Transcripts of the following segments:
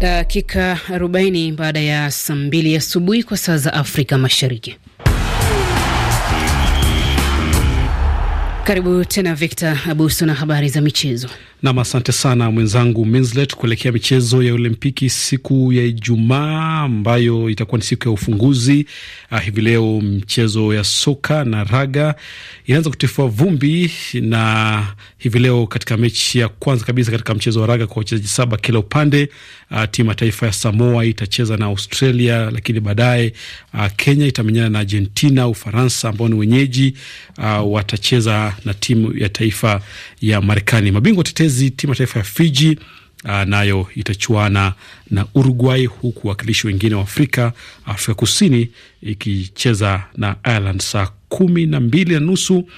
Dakika 40 baada ya saa mbili asubuhi kwa saa za Afrika Mashariki. Karibu tena Victor Abuso na habari za michezo. Nam, asante sana mwenzangu Minslet. Kuelekea michezo ya Olimpiki siku ya Ijumaa ambayo itakuwa ni siku ya ufunguzi ah, hivi leo mchezo ya soka na raga inaanza kutifua vumbi, na hivi leo katika mechi ya kwanza kabisa katika mchezo wa raga kwa wachezaji saba kila upande, ah, timu ya taifa ya Samoa itacheza na Australia, lakini baadaye ah, Kenya itamenyana na Argentina. Ufaransa ambao ni wenyeji ah, watacheza na timu ya taifa ya Marekani. Mabingwa tetezi Msimbazi, timu ya taifa ya Fiji Uh, nayo itachuana na Uruguay huku wakilishi wengine wa Afrika Afrika Kusini ikicheza na Ireland saa kumi na mbili na nusu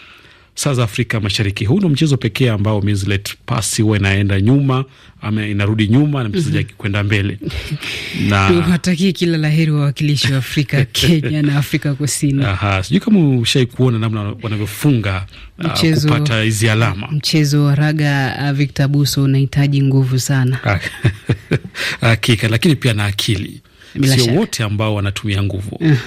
saa za Afrika Mashariki. Huu ndo mchezo pekee ambao Mislet pasi huwa inaenda nyuma ama inarudi nyuma na mchezaji mhm. akikwenda mbele na watakie kila laheri wawakilishi wa Afrika Kenya na Afrika Kusini. Aha, sijui kama ushai kuona namna wanavyofunga uh, mchezo, uh, kupata hizi alama. Mchezo wa raga victo uh, Victor Buso unahitaji nguvu sana hakika, lakini pia na akili sio wote ambao wanatumia nguvu. uh -huh.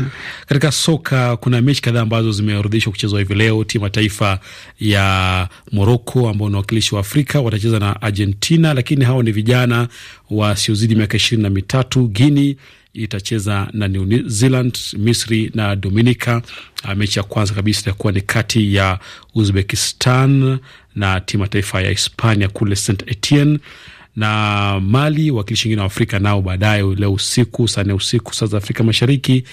Katika soka kuna mechi kadhaa ambazo zimeorodheshwa kuchezwa hivi leo. Timu ya taifa ya Moroko ambao ni wakilishi wa Afrika watacheza na Argentina, lakini hawa ni vijana wasiozidi miaka ishirini na mitatu. Guini itacheza na New Zealand, Misri na Dominica. Ah, mechi ya kwanza kabisa itakuwa ni kati ya Uzbekistan na timu ya taifa ya Hispania kule St Etienne na Mali, wakilishi wengine wa Afrika nao baadaye leo usiku saa nne usiku saa za Afrika Mashariki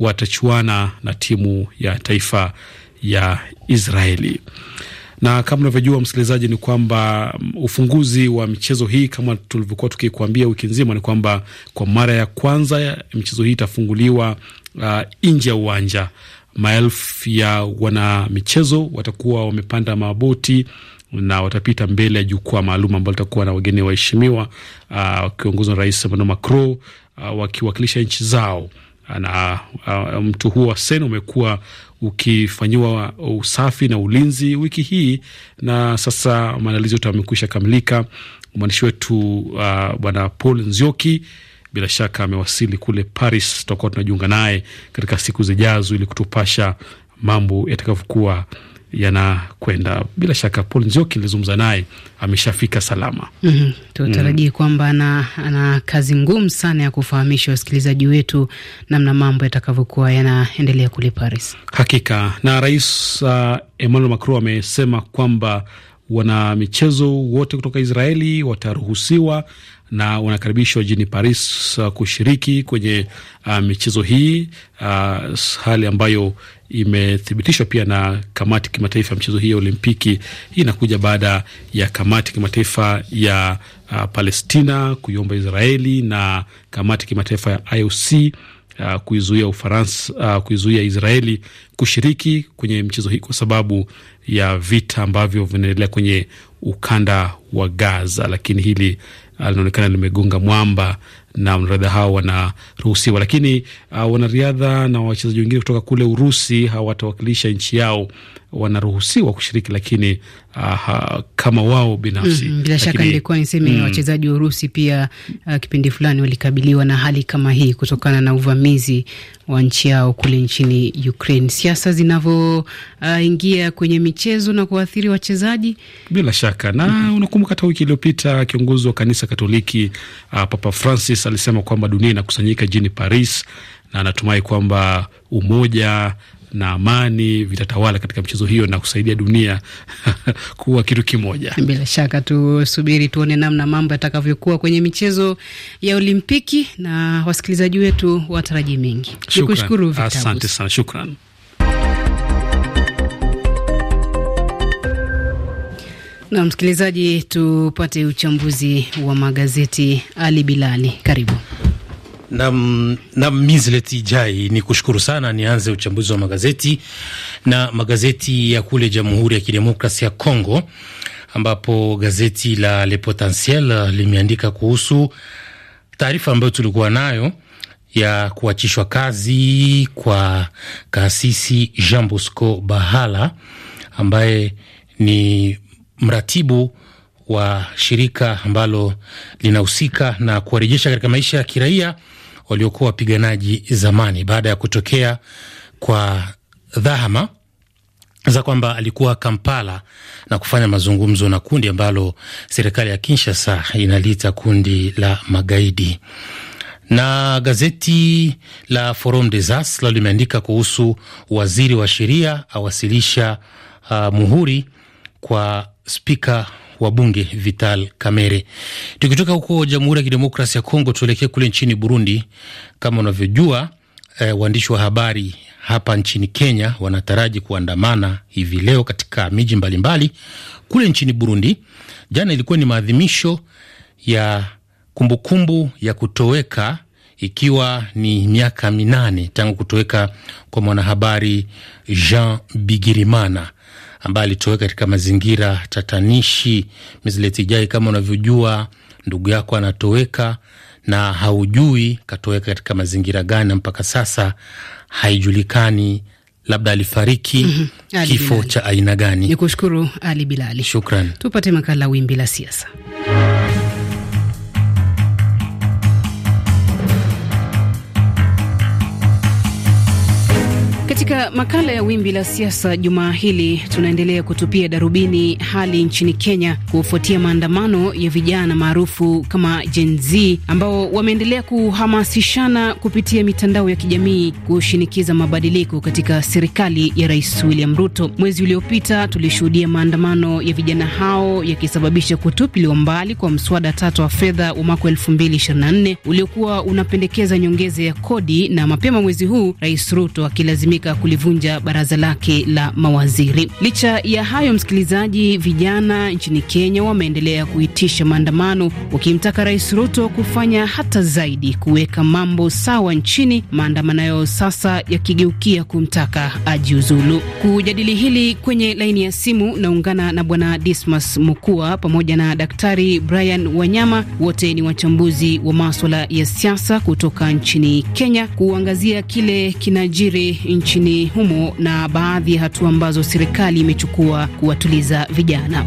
watachuana na timu ya taifa ya Israeli. Na kama unavyojua msikilizaji, ni kwamba mm, ufunguzi wa michezo hii kama tulivyokuwa tukikuambia wiki nzima ni kwamba kwa mara ya kwanza michezo hii itafunguliwa uh, nje ya uwanja. Maelfu ya wanamichezo watakuwa wamepanda maboti na watapita mbele ya jukwaa maalum ambao litakuwa na wageni waheshimiwa ah, wakiongozwa na Rais Emmanuel Macron ah, wakiwakilisha nchi zao ah, na mtu huo wa Sen umekuwa ukifanyiwa usafi na ulinzi wiki hii, na sasa maandalizi yote amekwisha kamilika. Mwandishi wetu uh, bwana Paul Nzioki bila shaka amewasili kule Paris. Tutakuwa tunajiunga naye katika siku zijazo ili kutupasha mambo yatakavyokuwa yanakwenda. Bila shaka Paul Nzioki nilizungumza naye ameshafika salama. mm -hmm. Tutarajie mm. kwamba ana, ana kazi ngumu sana ya kufahamisha wasikilizaji wetu namna mambo yatakavyokuwa yanaendelea kule Paris. Hakika na Rais uh, Emmanuel Macron amesema kwamba wanamichezo wote kutoka Israeli wataruhusiwa na wanakaribishwa jijini Paris uh, kushiriki kwenye uh, michezo hii uh, hali ambayo imethibitishwa pia na kamati kimataifa ya mchezo hii ya Olimpiki. Hii inakuja baada ya kamati kimataifa ya uh, Palestina kuiomba Israeli na kamati kimataifa ya IOC Uh, kuizuia Ufaransa uh, kuizuia Israeli kushiriki kwenye mchezo hii kwa sababu ya vita ambavyo vinaendelea kwenye ukanda wa Gaza, lakini hili uh, linaonekana limegonga mwamba na wanariadha hao wanaruhusiwa, lakini uh, wanariadha na wachezaji wengine kutoka kule Urusi hawatawakilisha nchi yao wanaruhusiwa kushiriki, lakini aha, ah, kama wao binafsi mm -hmm. Bila shaka ilikuwa niseme mm, wachezaji wa Urusi pia uh, kipindi fulani walikabiliwa na hali kama hii kutokana na uvamizi wa nchi yao kule nchini Ukraine. Siasa zinavyoingia uh, kwenye michezo na kuathiri wachezaji bila shaka na mm -hmm. Unakumbuka hata wiki iliyopita kiongozi wa kanisa Katoliki uh, Papa Francis alisema kwamba dunia inakusanyika jini Paris na anatumai kwamba umoja na amani vitatawala katika mchezo hiyo na kusaidia dunia kuwa kitu kimoja. Bila shaka tusubiri tuone namna mambo yatakavyokuwa kwenye michezo ya Olimpiki, na wasikilizaji wetu wataraji mengi. Nikushukuru, asante sana, shukran. Na msikilizaji, tupate uchambuzi wa magazeti. Ali Bilali, karibu. Nam na Mislet Ijai, ni kushukuru sana. Nianze uchambuzi wa magazeti na magazeti ya kule Jamhuri ya Kidemokrasia ya Kongo, ambapo gazeti la Le Potentiel limeandika kuhusu taarifa ambayo tulikuwa nayo ya kuachishwa kazi kwa kasisi Jean Bosco Bahala ambaye ni mratibu wa shirika ambalo linahusika na kuwarejesha katika maisha ya kiraia waliokuwa wapiganaji zamani baada ya kutokea kwa dhahama za kwamba alikuwa Kampala na kufanya mazungumzo na kundi ambalo serikali ya Kinshasa inaliita kundi la magaidi. Na gazeti la Forum des As lao limeandika kuhusu waziri wa sheria awasilisha uh, muhuri kwa spika wa bunge Vital Kamerhe. Tukitoka huko Jamhuri ya Kidemokrasi ya Kongo, tuelekee kule nchini Burundi. Kama unavyojua eh, waandishi wa habari hapa nchini Kenya wanataraji kuandamana hivi leo katika miji mbalimbali kule nchini Burundi. Jana ilikuwa ni maadhimisho ya kumbukumbu kumbu ya kutoweka ikiwa ni miaka minane tangu kutoweka kwa mwanahabari Jean Bigirimana ambaye alitoweka katika mazingira tatanishi. Mizleti Jai, kama unavyojua, ndugu yako anatoweka na haujui katoweka katika mazingira gani, mpaka sasa haijulikani, labda alifariki mm -hmm. kifo cha aina gani? Ni kushukuru Ali Bilali, shukran. Tupate makala wimbi la siasa. makala ya wimbi la siasa jumaa hili tunaendelea kutupia darubini hali nchini Kenya kufuatia maandamano ya vijana maarufu kama Gen Z ambao wameendelea kuhamasishana kupitia mitandao ya kijamii kushinikiza mabadiliko katika serikali ya Rais William Ruto. Mwezi uliopita tulishuhudia maandamano ya vijana hao yakisababisha kutupiliwa mbali kwa mswada tatu wa fedha wa mwaka 2024 uliokuwa unapendekeza nyongeza ya kodi, na mapema mwezi huu Rais Ruto akilazimika kulivunja baraza lake la mawaziri. Licha ya hayo, msikilizaji, vijana nchini Kenya wameendelea kuitisha maandamano wakimtaka Rais Ruto kufanya hata zaidi kuweka mambo sawa nchini, maandamano yao sasa yakigeukia kumtaka ajiuzulu. Kujadili hili kwenye laini ya simu naungana na Bwana Dismas Mukua pamoja na Daktari Brian Wanyama, wote ni wachambuzi wa maswala ya siasa kutoka nchini Kenya, kuangazia kile kinajiri nchini humo na baadhi ya hatua ambazo serikali imechukua kuwatuliza vijana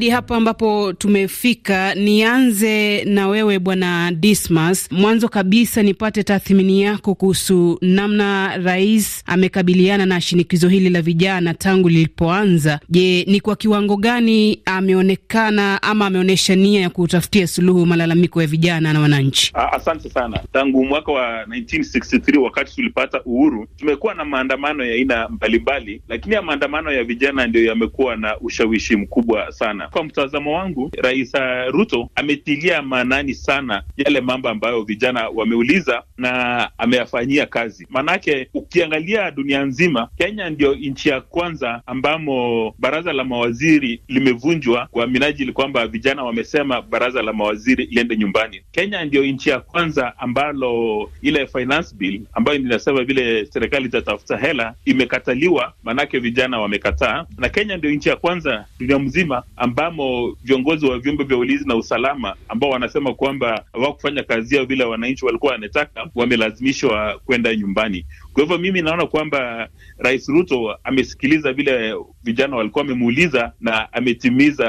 hadi hapa ambapo tumefika, nianze na wewe Bwana Dismas. Mwanzo kabisa nipate tathmini yako kuhusu namna rais amekabiliana na shinikizo hili la vijana tangu lilipoanza. Je, ni kwa kiwango gani ameonekana ama ameonyesha nia ya kutafutia suluhu malalamiko ya vijana na wananchi? Ah, asante sana. Tangu mwaka wa 1963 wakati tulipata uhuru, tumekuwa na maandamano ya aina mbalimbali, lakini ya maandamano ya vijana ndiyo yamekuwa na ushawishi mkubwa sana kwa mtazamo wangu, Rais uh, Ruto ametilia maanani sana yale mambo ambayo vijana wameuliza na ameyafanyia kazi. Maanake ukiangalia dunia nzima, Kenya ndio nchi ya kwanza ambamo baraza la mawaziri limevunjwa kwa minajili kwamba vijana wamesema baraza la mawaziri liende nyumbani. Kenya ndio nchi ya kwanza ambalo ile finance bill ambayo inasema vile serikali itatafuta hela imekataliwa, maanake vijana wamekataa, na Kenya ndio nchi ya kwanza dunia mzima amba ambamo viongozi wa vyombo vya ulinzi na usalama ambao wanasema kwamba hawakufanya kazi yao vile wananchi walikuwa wanataka, wamelazimishwa kwenda nyumbani. Kwa hivyo mimi naona kwamba Rais Ruto amesikiliza vile vijana walikuwa wamemuuliza na ametimiza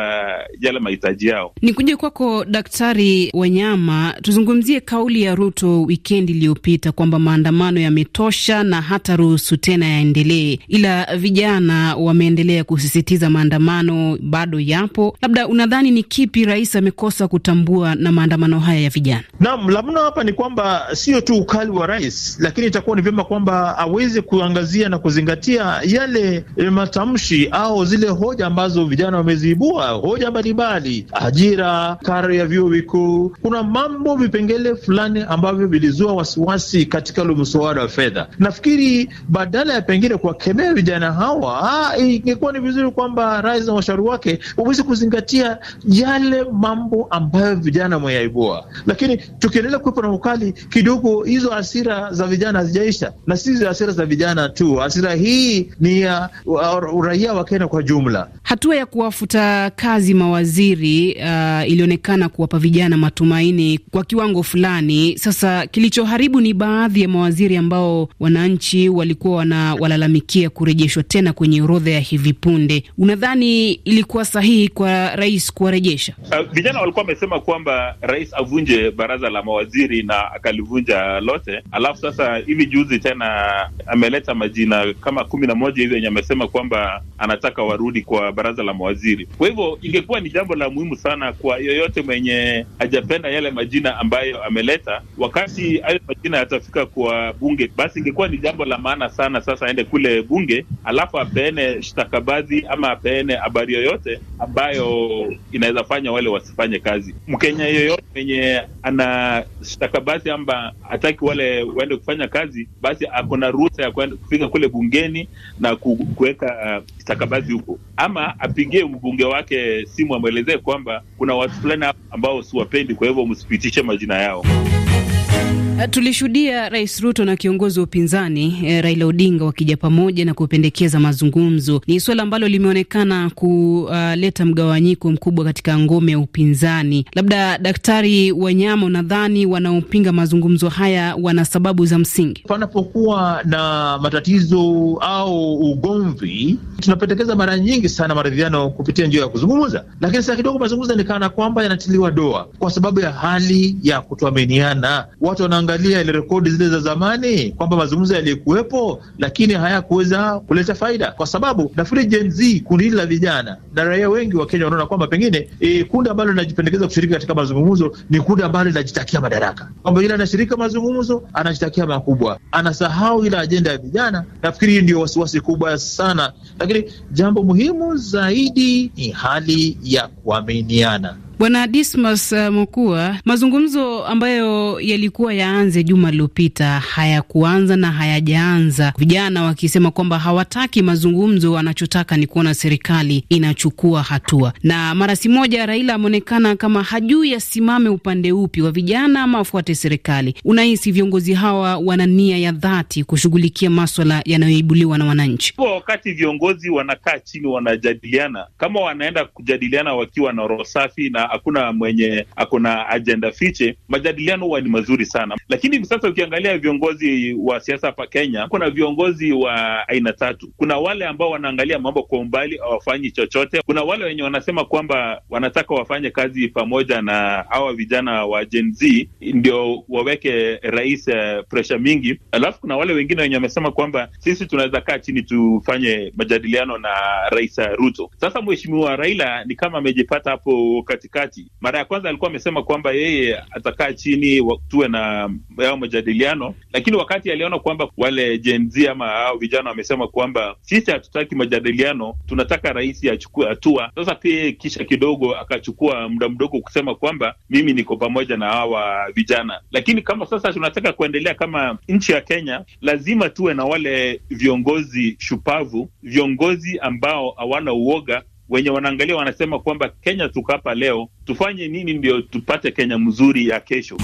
yale mahitaji yao. Ni kuja kwako Daktari Wanyama, tuzungumzie kauli ya Ruto wikendi iliyopita kwamba maandamano yametosha na hata ruhusu tena yaendelee, ila vijana wameendelea kusisitiza maandamano bado yapo. Labda unadhani ni kipi rais amekosa kutambua na maandamano haya ya vijana? Naam, la mno hapa ni kwamba sio tu ukali wa rais, lakini itakuwa ni vyema kwamba kwamba aweze kuangazia na kuzingatia yale eh, matamshi au zile hoja ambazo vijana wameziibua, hoja mbalimbali, ajira, karo ya vyuo vikuu. Kuna mambo, vipengele fulani ambavyo vilizua wasiwasi katika ule mswada wa fedha. Nafikiri badala ya pengine kuwakemea vijana hawa, ah, ingekuwa ni vizuri kwamba rais na washauri wake waweze kuzingatia yale mambo ambayo vijana wameyaibua, lakini tukiendelea kuwepo na ukali kidogo, hizo hasira za vijana hazijaisha na si hasira za vijana tu, hasira hii ni ya uraia raia wa Kenya kwa jumla. Hatua ya kuwafuta kazi mawaziri uh, ilionekana kuwapa vijana matumaini kwa kiwango fulani. Sasa kilichoharibu ni baadhi ya mawaziri ambao wananchi walikuwa wanawalalamikia kurejeshwa tena kwenye orodha ya hivi punde. Unadhani ilikuwa sahihi kwa rais kuwarejesha uh, vijana? walikuwa wamesema kwamba rais avunje baraza la mawaziri na akalivunja lote, alafu sasa hivi juzi tena ameleta majina kama kumi na moja hivi yenye amesema kwamba anataka warudi kwa baraza la mawaziri. Kwa hivyo ingekuwa ni jambo la muhimu sana kwa yoyote mwenye hajapenda yale majina ambayo ameleta, wakati hayo majina yatafika kwa bunge, basi ingekuwa ni jambo la maana sana sasa aende kule bunge, alafu apeene shtakabadhi ama apeene habari yoyote ambayo inaweza fanya wale wasifanye kazi. Mkenya yoyote mwenye ana shtakabadhi ama hataki wale waende kufanya kazi, basi ako na ruhusa ya kufika kule bungeni na kuweka uh, stakabadhi huko, ama apigie mbunge wake simu amwelezee kwamba kuna watu fulani ambao siwapendi, kwa hivyo msipitishe majina yao. Eh, tulishuhudia Rais Ruto na kiongozi wa upinzani eh, Raila Odinga wakija pamoja na kupendekeza mazungumzo. Ni suala ambalo limeonekana kuleta uh, mgawanyiko mkubwa katika ngome ya upinzani. Labda Daktari Wanyama, unadhani wanaopinga mazungumzo haya wana sababu za msingi? Panapokuwa na matatizo au ugomvi, tunapendekeza mara nyingi sana maridhiano kupitia njia ya kuzungumza, lakini saa kidogo mazungumzo ni kana kwamba yanatiliwa doa kwa sababu ya hali ya kutoaminiana, watu wanaanga kuangalia ile rekodi zile za zamani kwamba mazungumzo yaliyokuwepo, lakini hayakuweza kuleta faida, kwa sababu nafikiri Gen Z, kundi hili la vijana na raia wengi wa Kenya wanaona kwamba pengine e, kundi ambalo linajipendekeza kushiriki katika mazungumzo ni kundi ambalo linajitakia madaraka, kwamba yule anashirika mazungumzo anajitakia makubwa, anasahau ile ajenda ya vijana. Nafikiri hii ndio wasiwasi kubwa sana, lakini jambo muhimu zaidi ni hali ya kuaminiana. Bwana Dismas uh, Mokua, mazungumzo ambayo yalikuwa yaanze juma lililopita hayakuanza na hayajaanza, vijana wakisema kwamba hawataki mazungumzo, wanachotaka ni kuona serikali inachukua hatua. Na mara si moja Raila ameonekana kama hajui asimame upande upi wa vijana ama afuate serikali. Unahisi viongozi hawa wana nia ya dhati kushughulikia maswala yanayoibuliwa na wananchi? Kwa wakati viongozi wanakaa chini wanajadiliana, kama wanaenda kujadiliana wakiwa na roho safi na hakuna mwenye hakuna ajenda fiche, majadiliano huwa ni mazuri sana. Lakini hivi sasa ukiangalia viongozi wa siasa hapa Kenya, kuna viongozi wa aina tatu. Kuna wale ambao wanaangalia mambo kwa umbali, hawafanyi chochote. Kuna wale wenye wanasema kwamba wanataka wafanye kazi pamoja na hawa vijana wa Gen Z ndio waweke rais eh, presha mingi, alafu kuna wale wengine wenye wamesema kwamba sisi tunaweza kaa chini tufanye majadiliano na Rais Ruto. Sasa mheshimiwa Raila ni kama amejipata hapo katika wakati. Mara ya kwanza alikuwa amesema kwamba yeye atakaa chini, tuwe na yao majadiliano, lakini wakati aliona kwamba wale Gen Z ama hao vijana wamesema kwamba sisi hatutaki majadiliano, tunataka rais achukue hatua. Sasa pia yeye kisha kidogo akachukua muda mdogo kusema kwamba mimi niko pamoja na hawa vijana, lakini kama sasa tunataka kuendelea kama nchi ya Kenya, lazima tuwe na wale viongozi shupavu, viongozi ambao hawana uoga wenye wanaangalia wanasema kwamba Kenya tukapa leo, tufanye nini ndio tupate Kenya mzuri ya kesho?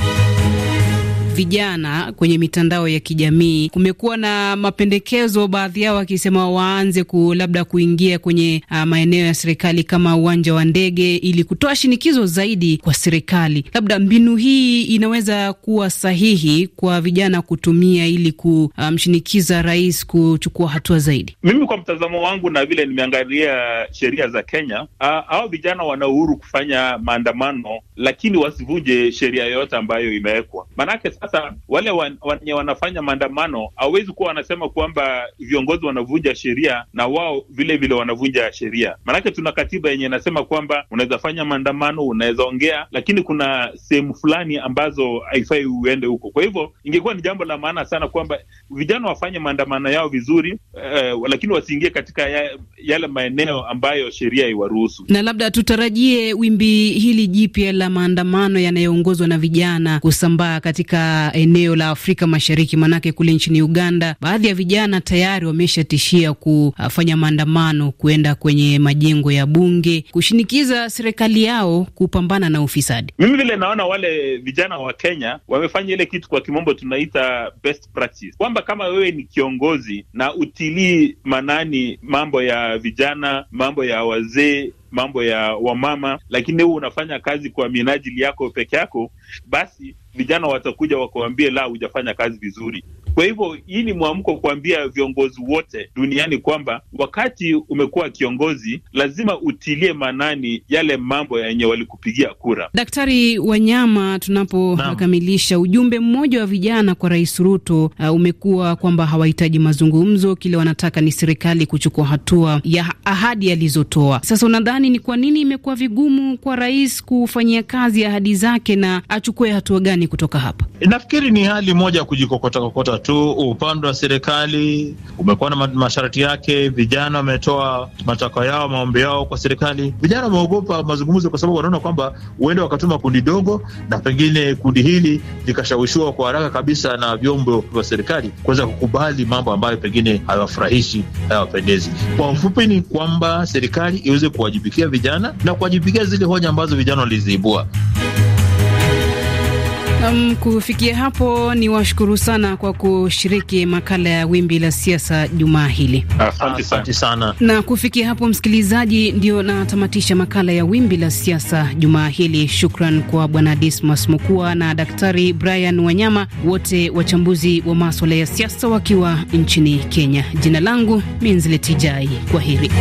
vijana kwenye mitandao ya kijamii. Kumekuwa na mapendekezo, baadhi yao wakisema waanze ku labda kuingia kwenye uh, maeneo ya serikali kama uwanja wa ndege ili kutoa shinikizo zaidi kwa serikali. Labda mbinu hii inaweza kuwa sahihi kwa vijana kutumia ili kumshinikiza um, rais kuchukua hatua zaidi. Mimi kwa mtazamo wangu na vile nimeangalia sheria za Kenya, hao vijana wana uhuru kufanya maandamano, lakini wasivunje sheria yoyote ambayo imewekwa, maanake sasa wale wenye wan, wanafanya maandamano hawezi kuwa wanasema kwamba viongozi wanavunja sheria na wao vile vile wanavunja sheria, maanake tuna katiba yenye inasema kwamba unaweza fanya maandamano, unaweza ongea, lakini kuna sehemu fulani ambazo haifai uende huko. Kwa hivyo ingekuwa ni jambo la maana sana kwamba vijana wafanye maandamano yao vizuri eh, lakini wasiingie katika ya, yale maeneo ambayo sheria iwaruhusu. Na labda tutarajie wimbi hili jipya la maandamano yanayoongozwa na vijana kusambaa katika eneo la Afrika Mashariki? Maanake kule nchini Uganda baadhi ya vijana tayari wameshatishia kufanya maandamano, kuenda kwenye majengo ya bunge kushinikiza serikali yao kupambana na ufisadi. Mimi vile naona wale vijana wa Kenya wamefanya ile kitu kwa kimombo tunaita best practice, kwamba kama wewe ni kiongozi na utilii manani mambo ya vijana, mambo ya wazee mambo ya wamama, lakini wewe unafanya kazi kwa minajili yako peke yako, basi vijana watakuja wakuambie la, hujafanya kazi vizuri. Kwa hivyo hii ni mwamko kuambia viongozi wote duniani kwamba wakati umekuwa kiongozi, lazima utilie maanani yale mambo yenye walikupigia kura. Daktari Wanyama, tunapokamilisha ujumbe mmoja wa vijana kwa Rais Ruto uh, umekuwa kwamba hawahitaji mazungumzo, kile wanataka ni serikali kuchukua hatua ya ahadi alizotoa. Sasa unadhani ni kwa nini imekuwa vigumu kwa rais kufanyia kazi ahadi zake na achukue hatua gani kutoka hapa? Nafikiri ni hali moja ya kujikokota kokota tu upande wa serikali umekuwa na masharti yake. Vijana wametoa matakwa yao, maombi yao kwa serikali. Vijana wameogopa mazungumzo, kwa sababu wanaona kwamba huenda wakatuma kundi dogo, na pengine kundi hili likashawishiwa kwa haraka kabisa na vyombo vya serikali kuweza kukubali mambo ambayo pengine hayawafurahishi, hayawapendezi. Kwa ufupi, ni kwamba serikali iweze kuwajibikia vijana na kuwajibikia zile hoja ambazo vijana waliziibua. Um, kufikia hapo ni washukuru sana kwa kushiriki makala ya wimbi la siasa jumaa hili. Asante sana. Na kufikia hapo, msikilizaji, ndio natamatisha makala ya wimbi la siasa jumaa hili. Shukran kwa Bwana Dismas Mukua na Daktari Brian Wanyama, wote wachambuzi wa maswala ya siasa wakiwa nchini Kenya. Jina langu Minziletijai, kwa heri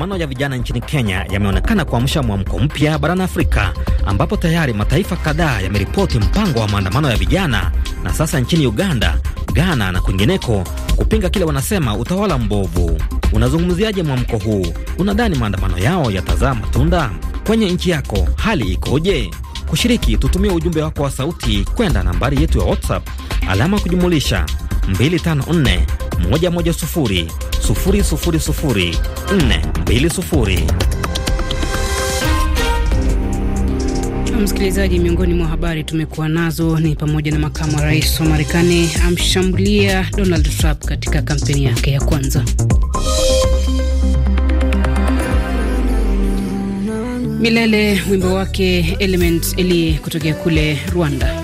maandamano ya vijana nchini Kenya yameonekana kuamsha mwamko mpya barani Afrika, ambapo tayari mataifa kadhaa yameripoti mpango wa maandamano ya vijana, na sasa nchini Uganda, Ghana na kwingineko kupinga kile wanasema utawala mbovu. Unazungumziaje mwamko huu? Unadhani maandamano yao yatazaa matunda? Kwenye nchi yako hali ikoje? Kushiriki, tutumie ujumbe wako wa sauti kwenda nambari yetu ya WhatsApp alama kujumulisha 254 110 Msikilizaji, miongoni mwa habari tumekuwa nazo ni pamoja na makamu wa rais wa Marekani amshambulia Donald Trump katika kampeni yake ya kwanza. Milele wimbo wake Element ili kutokea kule Rwanda.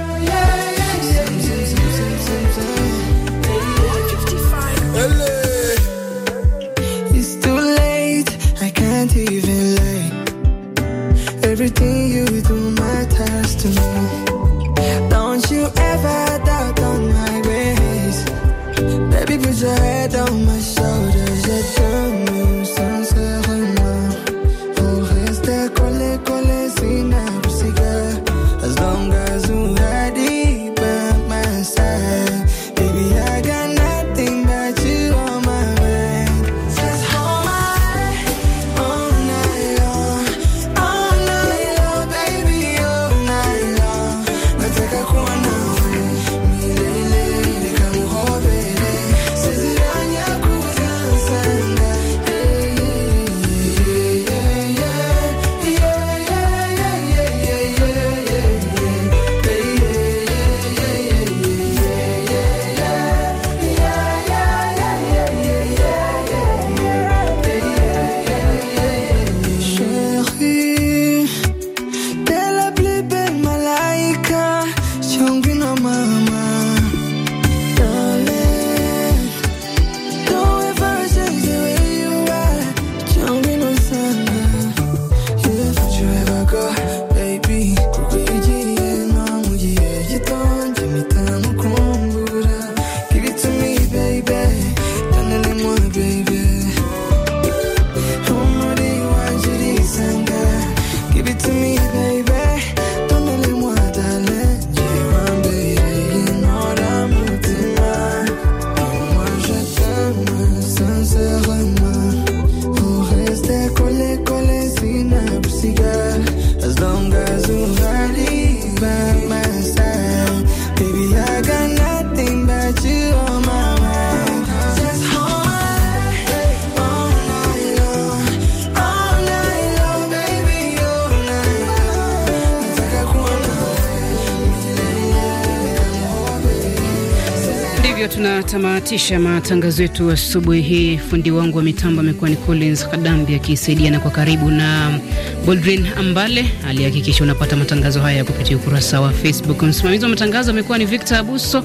ndivyo tunatamatisha matangazo yetu asubuhi hii. Fundi wangu wa mitambo amekuwa ni Collins Kadambi akisaidiana kwa karibu na Boldrin Ambale alihakikisha unapata matangazo haya kupitia ukurasa wa Facebook. Msimamizi wa matangazo amekuwa ni Victor Abuso,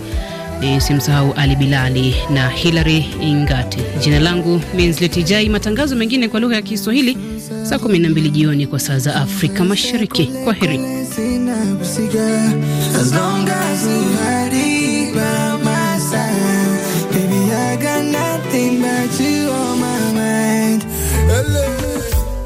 ni simsahau Ali Bilali na Hilary Ingati. Jina langu Minzletijai. Matangazo mengine kwa lugha ya Kiswahili saa 12 jioni kwa saa za Afrika Mashariki. Kwa heri. lele.